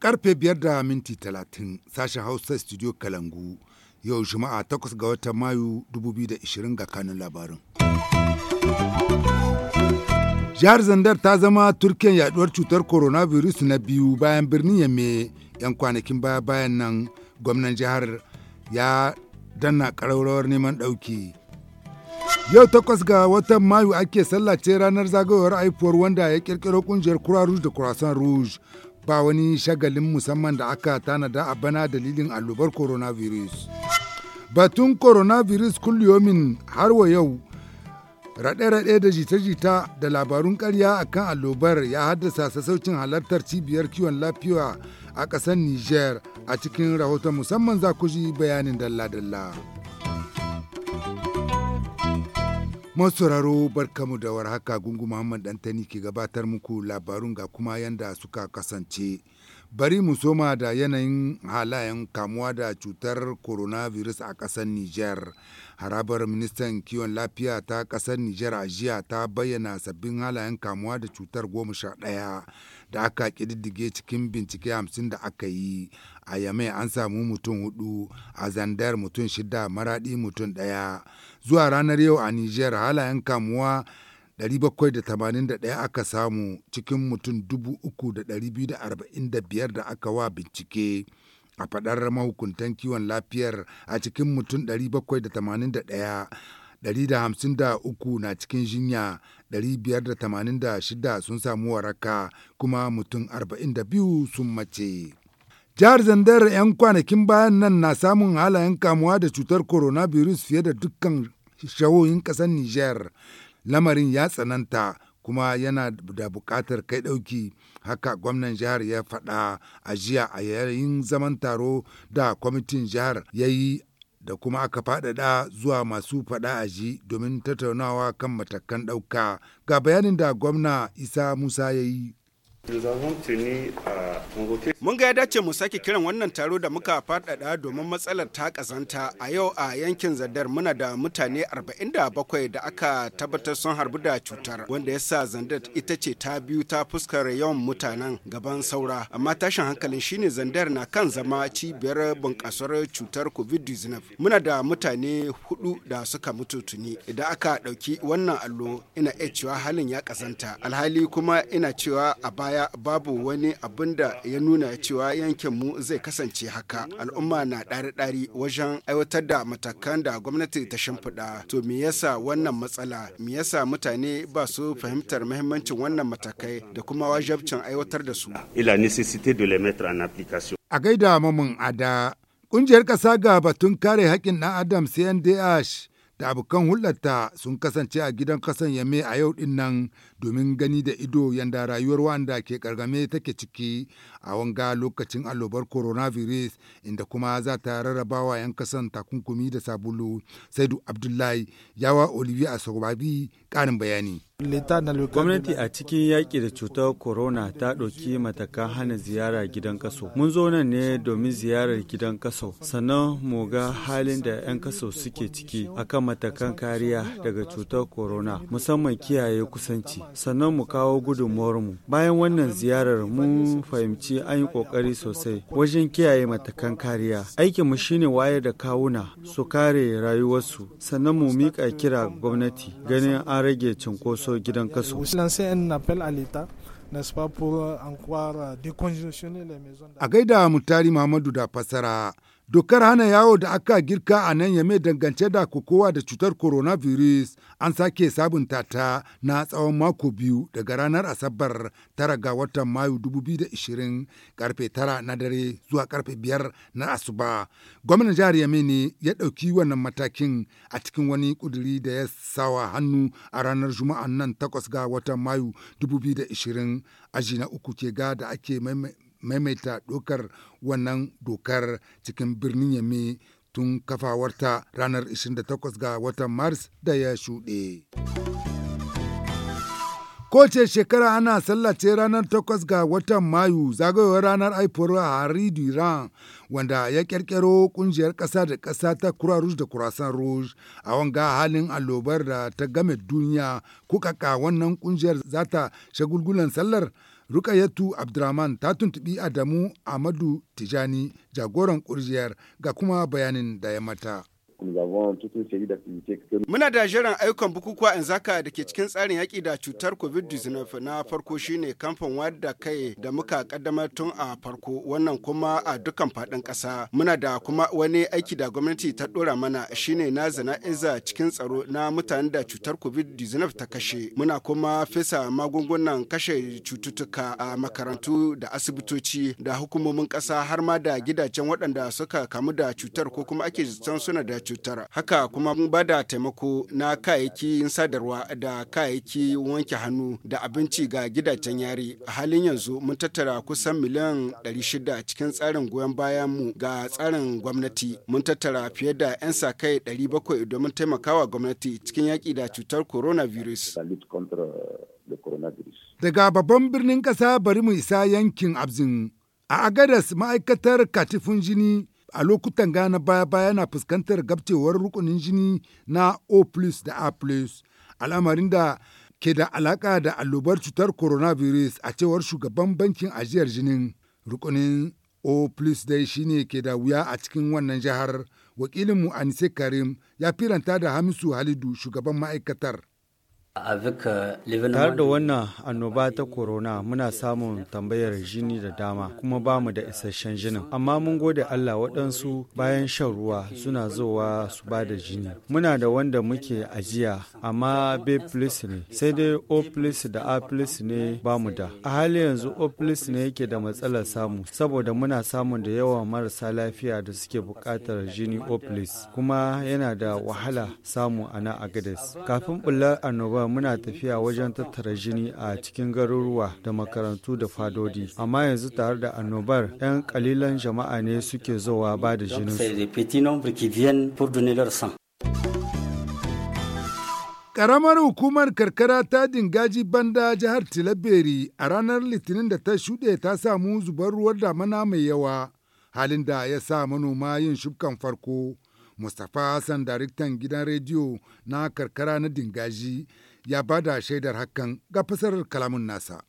Karfe biyar da minti talatin sashen Hausa studio Kalangu. Yau Juma'a takwas ga watan Mayu 2020 ga kanun labarin. Jihar Zandar ta zama Turkiyan yaduwar cutar coronavirus na biyu bayan birnin Yamme 'yan kwanakin baya bayan nan gwamnan jihar ya danna ƙararrawar neman ɗauki. Yau takwas ga watan Mayu ake sallace ranar zagayowar haifuwar wanda ya ƙirƙiro ƙungiyar Kura Rouge da Kurasan Rouge ba wani shagalin musamman da aka tanada a bana dalilin allobar coronavirus. Batun coronavirus kulliyomin har wa yau raɗe-raɗe da jita-jita da labarun ƙarya a kan allobar ya haddasa sassaucin halartar cibiyar kiwon lafiya a ƙasar niger a cikin rahoton musamman za ku ji bayanin dalla-dalla. masauraro barkamu da warhaka gungu muhammad dantani ke gabatar muku labarun ga kuma yanda suka kasance Bari mu soma da yanayin halayen kamuwa da cutar coronavirus a ƙasar niger Harabar ministan kiwon lafiya ta ƙasar niger a jiya ta bayyana sabbin halayen kamuwa da cutar goma sha ɗaya da aka ƙididdige cikin bincike hamsin da aka yi. A Yamai an samu mutum hudu, a Zandar mutum shida, Maraɗi mutum ɗaya. Zuwa ranar yau a niger halayen kamuwa 781 aka samu cikin mutum 3,245 da aka wa bincike. A faɗar mahukuntan kiwon lafiyar a cikin mutum 781 153 na cikin jinya 586 sun samu waraka kuma mutum 42 sun mace. Jihar Zandar 'yan kwanakin bayan nan na samun halayen kamuwa da cutar coronavirus fiye da dukkan shahohin kasar Nijar. lamarin ya tsananta kuma yana da buƙatar kai ɗauki haka gwamnan jihar ya faɗa a jiya a yayin zaman taro da kwamitin jihar ya yi da kuma aka faɗaɗa zuwa masu faɗa a ji domin tattaunawa kan matakan ɗauka ga bayanin da gwamna isa musa ya yi Mun ga ya dace mu sake kiran wannan taro da muka faɗaɗa domin matsalar ta ƙazanta a yau a yankin Zandar muna da mutane 47 da aka tabbatar sun harbu da cutar wanda ya sa Zandar ita ce ta biyu ta fuskar yawan mutanen gaban saura amma tashin hankalin shine Zandar na kan zama cibiyar bunƙasar cutar COVID-19 muna da mutane hudu da suka mutu tuni idan aka ɗauki wannan allo ina iya cewa halin ya ƙazanta alhali kuma ina cewa a baya baya babu wani abin da ya nuna cewa yankin mu zai kasance haka. Al'umma na ɗari-ɗari wajen aiwatar da matakan da gwamnati ta shimfiɗa. To me yasa wannan matsala? Me yasa mutane ba su fahimtar muhimmancin wannan matakai da kuma wajabcin aiwatar da su? A gaida mamun ada, ƙungiyar kasa ga batun kare haƙƙin ɗan Adam CNDH da abokan hulɗarta sun kasance a gidan kasan Yame a yau ɗin nan domin gani da ido yanda rayuwar wanda ke kargame take ciki a wanga lokacin allobar coronavirus inda kuma za ta rarraba wa 'yan kasan takunkumi da sabulu saidu abdullahi yawa olivier asobabi karin bayani Gwamnati a cikin yaƙi da cutar corona ta ɗauki matakan hana ziyara gidan kaso. Mun zo nan ne domin ziyarar gidan kaso, sannan mu ga halin da 'yan kaso suke ciki akan matakan kariya daga cutar corona, musamman kiyaye kusanci. sannan mu kawo mu. bayan wannan ziyarar mun fahimci an yi ƙoƙari sosai wajen kiyaye matakan kariya aikin mu shine wayar da kawuna su kare rayuwarsu sannan mu mika kira gwamnati ganin an rage cinkoso gidan kaso euh, A gaida Mutari Muhammadu da fasara Dokar hana yawo da aka girka a nan yame dangance da kokowa da cutar coronavirus an sake sabunta ta na tsawon mako biyu daga ranar Asabar tara ga watan Mayu 2020 karfe tara na dare zuwa karfe biyar na asuba. Gwamnan jihar Yame ne ya ɗauki wannan matakin a cikin wani kuduri da ya sawa hannu a ranar Juma'an nan takwas ga watan Mayu 2020 aji na uku ke ga da ake maimaita dokar wannan dokar cikin birnin yami tun kafawarta ranar 28 ga watan mars da ya shuɗe. Kowace shekara ana sallace ranar 8 ga watan Mayu zagayowar ranar haifuwar Hari Duran wanda ya ƙirƙiro ƙungiyar ƙasa da ƙasa ta Kura Rouge da Kurasan Rouge a wanga halin allobar da ta game duniya kukaka wannan ƙungiyar zata shagulgulan sallar Rukayatu Abdurrahman ta tuntubi Adamu Amadu Tijani jagoran ƙungiyar ga kuma bayanin da ya mata. Muna da jiran ayyukan bukukuwa in zaka da ke cikin tsarin yaƙi da cutar COVID-19 na farko shine kamfan wadda kai da muka kaddamar tun a farko wannan kuma a dukkan faɗin ƙasa. Muna da kuma wani aiki da gwamnati ta ɗora mana shine na zana'iza cikin tsaro na mutanen da cutar COVID-19 ta kashe. Muna kuma fesa magungunan kashe cututtuka a makarantu da asibitoci da hukumomin ƙasa har ma da gidajen waɗanda suka kamu da cutar ko kuma ake zaton suna da cutar. cutar haka kuma mun da taimako na kayayyakin sadarwa da kayayyaki wanke hannu da abinci ga gidajen yari a halin yanzu mun tattara kusan miliyan 600 cikin tsarin goyon bayan mu ga tsarin gwamnati mun tattara fiye da 'yan sa kai 700 domin taimakawa gwamnati cikin yaƙi da cutar coronavirus. Daga babban birnin ƙasa bari mu isa yankin Abzin. A Agadas ma'aikatar katifun jini a lokutan gana baya-baya na fuskantar gabcewar rukunin jini na O+ da A+, al'amarin da ke da alaƙa da allobar cutar coronavirus a cewar shugaban bankin ajiyar jinin rukunin O+ dai shine ke da wuya a cikin wannan jihar. Wakilinmu Anise Karim ya firanta da Hamisu Halidu shugaban ma'aikatar. Tare da wannan annoba ta corona muna samun tambayar jini da dama kuma ba mu da isasshen jinin. Amma mun gode Allah waɗansu bayan shan ruwa suna zowa su ba da jini. Muna da wanda muke ajiya amma B plus ne sai dai O plus da A plus ne ba mu da. A hali yanzu O plus ne yake da matsalar samu saboda muna samun da yawan marasa lafiya da suke buƙatar jini O plus kuma yana da wahala samu a Kafin ɓullar annoba muna tafiya wajen tattara jini a cikin garuruwa da makarantu da fadodi amma yanzu tare da annobar 'yan kalilan jama'a ne suke zowa ba da jini Ƙaramar hukumar karkara ta Dingaji Banda jihar Tilaberi a ranar Litinin da ta shuɗe ta samu zubar ruwar damana mai yawa, halin da ya sa manoma yin shukan farko. Mustapha Hassan daraktan gidan rediyo na karkara na Dingaji ya ba da shaidar hakan ga fasarar kalamun nasa.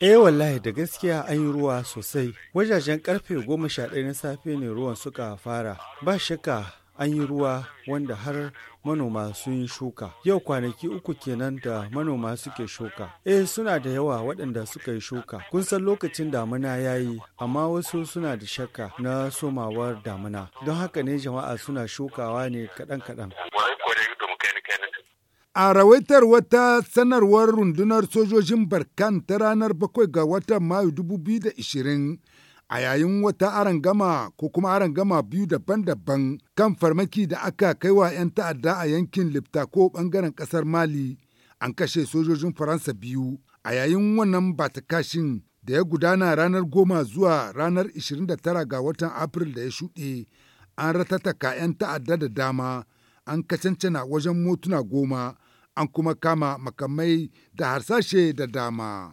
Eh wallahi da gaskiya an yi ruwa sosai. Wajajen karfe goma sha ɗaya na safe ne ruwan suka fara. Ba shakka an yi ruwa wanda har manoma sun yi shuka. Yau kwanaki uku kenan da manoma suke shuka. Eh suna da yawa waɗanda suka yi shuka. Kun san lokacin damuna ya yi, amma wasu suna da shakka na somawar damuna, Don haka ne jama'a suna shukawa ne kaɗan-kaɗan. A rawaitar wata sanarwar rundunar sojojin Barkan ta ranar bakwai ga watan Mayu 2020 a yayin wata arangama ko kuma arangama biyu daban-daban kan farmaki da aka kai wa 'yan ta'adda a yankin ko bangaren ƙasar Mali an kashe sojojin Faransa biyu a yayin wannan batakashin da ya gudana ranar 10 zuwa ranar 29 ga watan Afril da ya shuɗe an ratataka 'yan ta'adda da dama. an kacancana wajen motuna goma an kuma kama makamai da harsashe da dama.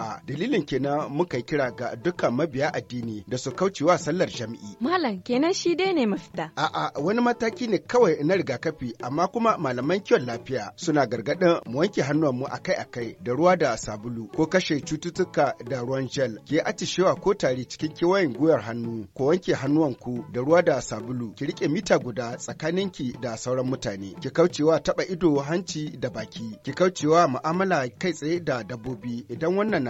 jama'a dalilin kenan muka kira ga dukkan mabiya addini da su kaucewa sallar jami'i. Malam kenan shi dai ne mafita. A'a wani mataki ne kawai na rigakafi amma kuma malaman kiwon lafiya suna gargadin mu wanke mu akai-akai da ruwa da sabulu ko kashe cututtuka da ruwan gel ke atishewa ko tari cikin kewayen gwiwar hannu ko wanke hannuwanku da ruwa da sabulu ki rike mita guda tsakaninki da sauran mutane ki kaucewa taba ido hanci da baki ki kaucewa mu'amala kai tsaye da dabbobi idan wannan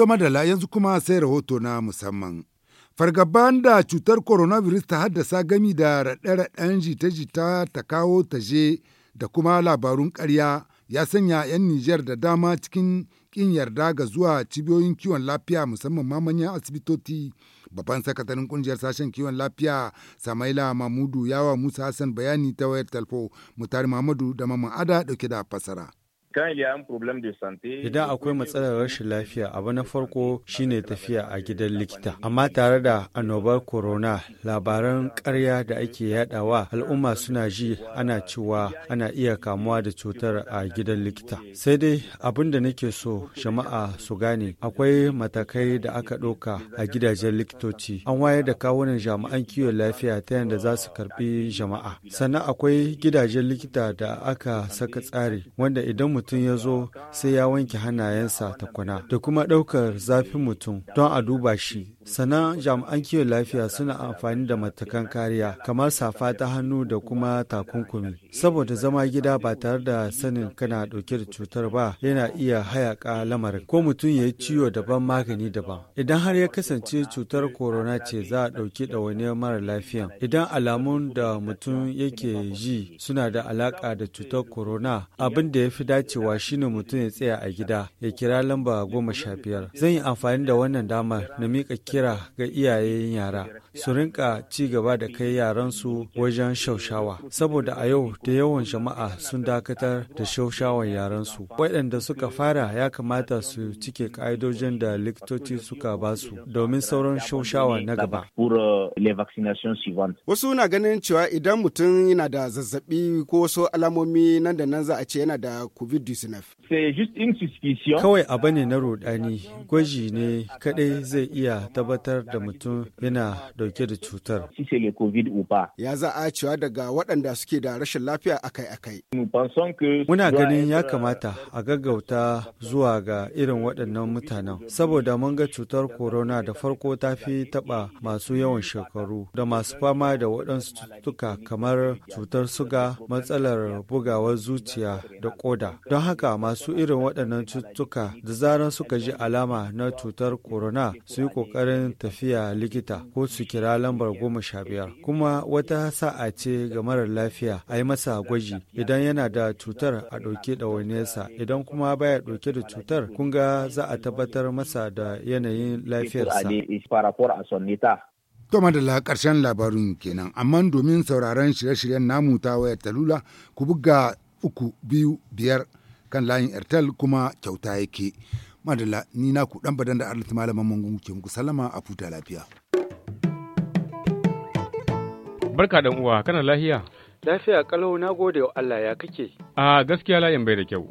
To madala yanzu kuma sai rahoto na musamman. Fargaban da cutar coronavirus ta haddasa gami da raɗe-raɗen jita-jita ta kawo ta je da kuma labarun ƙarya ya sanya 'yan Nijar da dama cikin ƙin yarda ga zuwa cibiyoyin kiwon lafiya musamman ma manyan asibitoci. Babban sakataren kungiyar sashen kiwon lafiya Samaila Mamudu yawa Musa Hassan bayani ta wayar talfo Mutari Mamadu da Mamman Ada dauke da fasara. Idan akwai matsalar rashin lafiya abu na farko shine tafiya a gidan likita. Amma tare da annobar corona labaran karya da ake yadawa al'umma suna ji ana cewa ana iya kamuwa da cutar a gidan likita. Sai dai abin da nake so jama'a su gane akwai matakai da aka ɗauka a gidajen likitoci. An wayar da kawunan jami'an kiwon lafiya ta yadda za su karɓi jama'a. Sannan akwai gidajen likita da aka saka tsari wanda idan mutum ya zo sai ya wanke hannayensa takwana da kuma ɗaukar zafin mutum don a duba shi. Sannan jami'an kiwon lafiya suna amfani da matakan kariya kamar safa ta hannu da kuma takunkumi. Saboda zama gida ba tare da sanin kana ɗauke da cutar ba yana iya hayaka lamarin ko mutum ya yi ciwo daban magani daban. Idan har ya kasance cutar corona ce za a ɗauki ɗawainiyar mara lafiyan. Idan alamun da mutum yake ji suna da alaƙa da cutar corona abin da ya fi dace cewa shine mutum ya tsaya a gida ya kira lamba goma sha biyar. Zan yi amfani da wannan dama na mika kira ga iyayen yara su rinka ci gaba da kai yaransu wajen shaushawa. Saboda a yau da yawan jama'a sun dakatar da shaushawar yaransu. Waɗanda suka fara ya kamata su cike ka'idojin da likitoci suka ba su domin sauran shaushawa na gaba. Euh, wasu na ganin cewa idan mutum yana da zazzabi ko wasu alamomi nan da nan za a ce yana da covid COVID-19. Kawai abu ne na rudani, gwaji ne kadai zai iya tabbatar da mutum yana dauke da cutar. Ya za a cewa daga waɗanda suke da rashin lafiya akai-akai. Muna ganin ya kamata euh, a gaggauta zuwa ga irin waɗannan mutanen, saboda mun ga cutar corona da farko ta fi taɓa masu yawan shekaru da masu fama da waɗansu cututtuka kamar cutar suga, matsalar bugawar zuciya da ƙoda. Don haka masu irin waɗannan cututtuka da zarar suka ji alama na cutar corona su yi ƙoƙarin tafiya likita ko su kira lambar goma sha biyar. Kuma wata sa'a ce ga mara lafiya a yi masa gwaji idan yana da cutar a ɗauke da yasa idan kuma baya ɗauke da cutar kun ga za a tabbatar masa da yanayin lafiyarsa. To madalla ƙarshen labarin kenan, amma domin sauraron shirye-shiryen namu ta wayar talula ku buga uku biyu biyar kan layin airtel kuma kyauta yake madalla ni na ku dan badan da arlit malaman mun ke muku sallama a futa lafiya barka dan uwa kana lafiya lafiya kalau na gode wa Allah ya kake a gaskiya layin bai da kyau